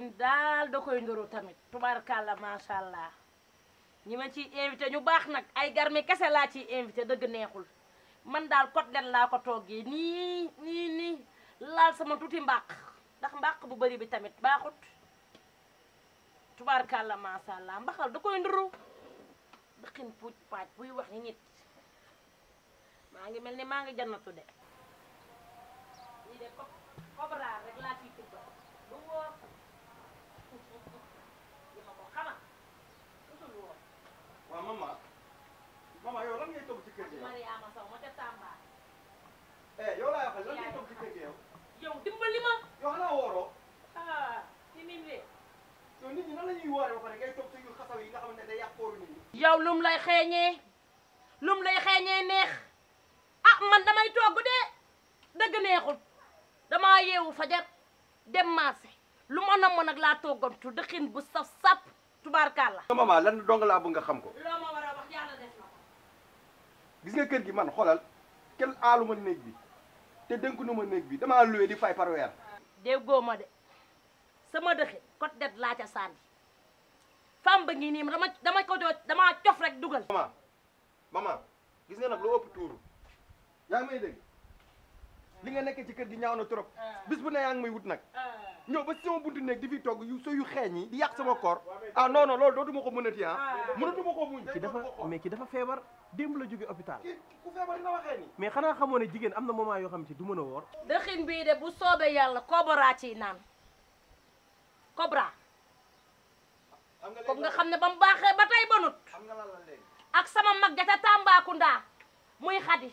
nekkin dal da koy tamit tubaarkàlla macha allah ñi ma ciy invité ñu bax nak ay garmi kese la ci invité deug neexul man daal côtelette la ko togi ni ni ni laal sama tuuti mbàq ndax mbàq bu bari bi tamit baaxut tubaarkàlla macha allah mbaxal da koy nduru dëkkin puuj paaj buy wax nit ma ngi melni ni ngi jannatu de ni de cobra rek la ci tuba li ma ko xamal sutul woon. waaw maman maman yow lan ngay toog ci kër gi yow. Eh, ma ah, ah man damay togg de dëgg neexul damaa yeewu dem marché. lu ma nak la togon tu dëxin bu saf sap sama maman lan dong la bu nga xam ko loo ma wara wax yalla def na gis nga keur gi man xolal kenn aluma neeg bi te dénku nu ma néeg bi dama luwe di fay par wer de goma de sama dëxin ko det la ca sànni fam ba ngi ni dama dama ko doo damaa cof rek dugal mama mama gis nga nak lo ëpp tour yaa ngi may dégg li nga nekkee ci kër gi ñaaw na trop ah. bis bu ne yaa ngi may wut nag ah. ñëw ba si sama buntu nekk di fi togg yu soo yu xeeñ yi di yàq sama koor ah non non loolu dootuma ko mënati ah, ah. mënatuma ko muñ ki dafa mais ki dafa feebar démb la jóge hôpital ku feebar nga waxee ni mais xanaa xamoo ne jigéen am na moment yoo xam ne du mën a woor bu soobee yàlla kobra ci naan kobra comme nga xam ne ba mu baaxee ba tey banut ak sama mag ja ca Tambacounda muy xadi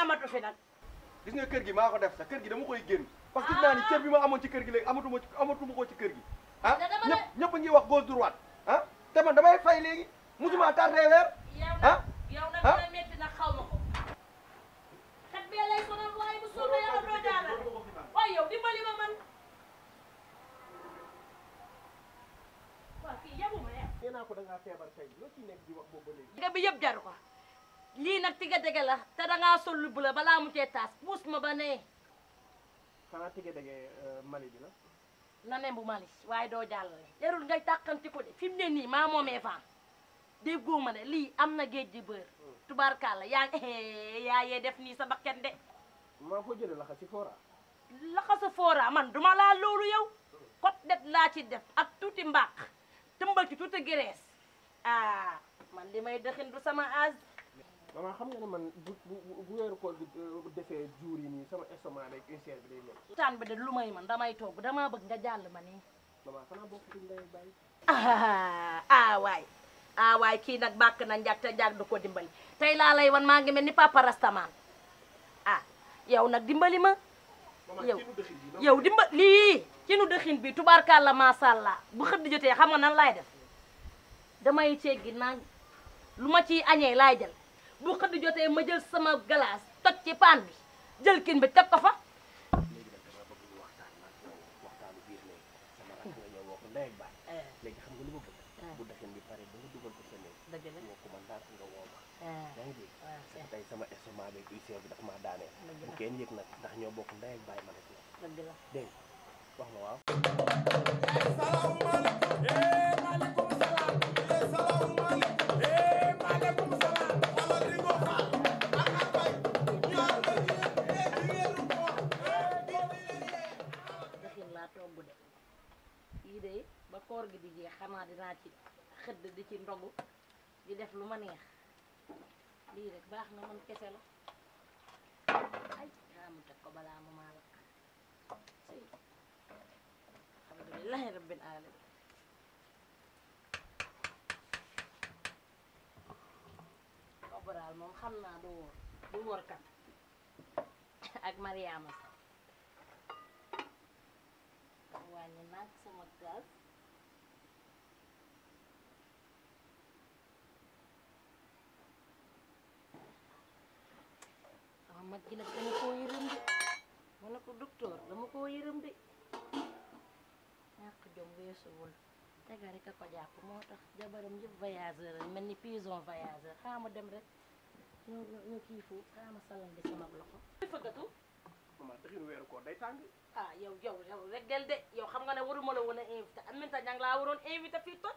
amatu fi nag gis nga kër gi maa ko def sax kër gi dama koy génn parce que naa ni ah. cër bi ma amoon ci kër gi léegi amatuma amatuma ko ci kër gi ah ñëpp ñëpp ngi wax gauche droite ah te man damay fay léegi musuma ah. tardé weer ah yow nag ah. la metti na xaw ma ko da ngaa feebar tey loo ciy nekk di wax ko li nak tigga dege la te da nga sol bula bala mu cee taas puus ma ba nee. xanaa tigga dege euh, Mali bi la. na ne bu Mali waaye doo jàllale. jarul ngay takanti ko de fi ni ma momé maa moomee goma déggoo ma ne lii am na géej gi ya ya yaa eh, def ni sa bakken de. ma ko jël la si fora la sa fora man duma la lolu yow. Hmm. kot det la ci def ak touti mbaq tembal ci touti gerees ah man limay dexin du sama âge. maman xam nga ne man bu bu koor bi euh, defee jur yi nii sama ba lu may man damay togg damaa bëgg nga jàll ma nii. maman xanaa bokk ci ah, ah, waay kii nag bàkk na njàg te njàg du ko dimbali tey laa lay wan maa ngi mel ni papa rastamaan ah yow nag dimbali ma. yow yow dimba lii ci nu dëxin bi tubaarkàlla macha allah bu xëdd jotee xam na nan laay def damay ceeggi gi lu ma ci añee laay jël. bu xëdd jotee ma jël sama glace toj ci paan bi jël kin bi teg ko fa léegi eh. xam nga lu ma bëgg eh. bu daken bi pare ba nga dugal ko sa néeg dëgg la moo commentaar nga woo ma eh. yaa ngi dégg parce que tey sama estomac bi ulcère bi daf maa daaneel bu kenn yëg nag ndax ñoo bokk ndey ak bàyyi ma rek la wax ma waaw mois dinaa ci xëdd di ci ndogu di def lu ma neex lii rek baax na man kese la ay xaamu teg ko balaa ma maa xam naa du wóor du wóor kat ak mariama sax wàññi naag sama gaz mag ji nag dama koo yërëm de ma ne ko docteur dama koo yërëm de ñàkk jom weesuwul tegari ka ko jàpp moo tax jabaram yëpp voyageur mel ni pison voyageur xaama dem rek ñu ñu kii fu xaama salon bi sama loxo fëggatu maman dëxin weeru koo day tàng ah yow yow yow rek del de yow xam nga ne waruma la woon a invité am na ñang laa waroon invité fii toj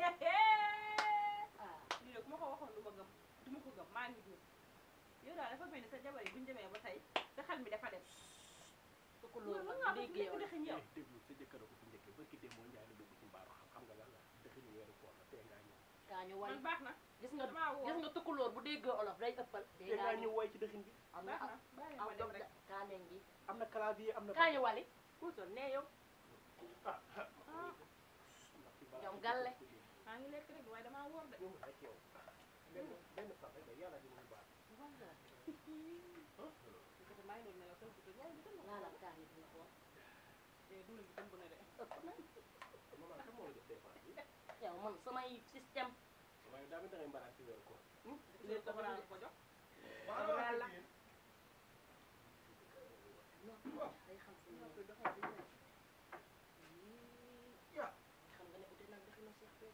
lii de ku ma ko ma gëm du ko gëm maa ngi juum yow daal dafa mel ni sa jabar yi buñu demee ba tey sa xel mi dafa dem. loolu mën ngaa bëgg nekk dëxëñ yow eh, xam xam la dëxëñu weeru koor la tee ngaa ñëw daa ñu na gis nga gis nga tukulóor bu déggee olof day ëppal tee ngaa ñu ci dëxëñ bi am na kaaneñ bi am na clavier am na kaa ñu wali kuutoon ne yow ñoom ah, ah. galle maa ngi lekk rek waaye damaa wóor de. benn benn sax rek yàlla di mu baax. voilà. maa ngi doon ne la kër gi yàlla di gën a. laalal kaa ngi dina xool. dund bi tëmb na de. maman kan moo la jox dépense bi. yow man samay système. waaye daa mel da ngay mbaaraat ci weeru koor. léegi dafa daal ko jox. waaw waaw la. non ay xam si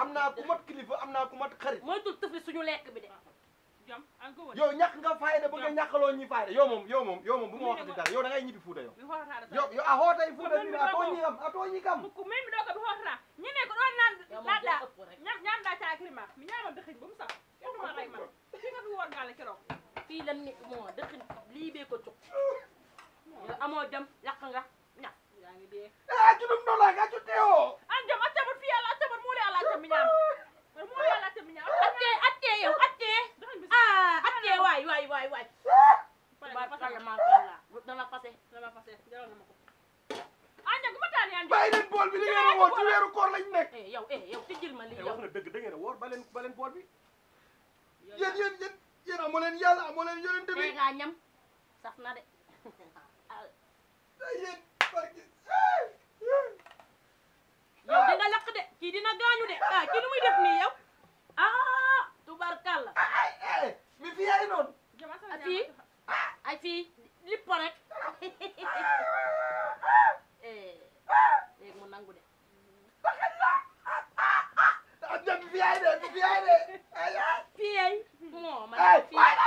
am naa ku mat kilifa am naa ku mat xarit. moytul tëfli suñu lekk bi de. yow ñàkk nga fayda bëgg a ñàkkaloo ñi fayda yow moom yow moom yow moom bu ma waxati dara yow da ngay ñibbi fuuta yow yow yow ah, ah, a hootay fuuta bi a tooñi kam a tooñi kam da cakri ma mi ñama dëxin bu fii lan ni moo dëxin lii bee ko cuk amoo jam lakk nga ña yaa ngi dee eh, lañ nekk. Eh, yow eh, yow tijjil ma lii eh, yow wax na dëgg da ngeen a wóor ba leen ba leen bi. yéen yéen yéen yéen amoo leen yàlla amoo leen yonent bi. ñam saf na de. yéen barki yow lakk de kii dina gaañu de ah kii nu muy def nii yow ah.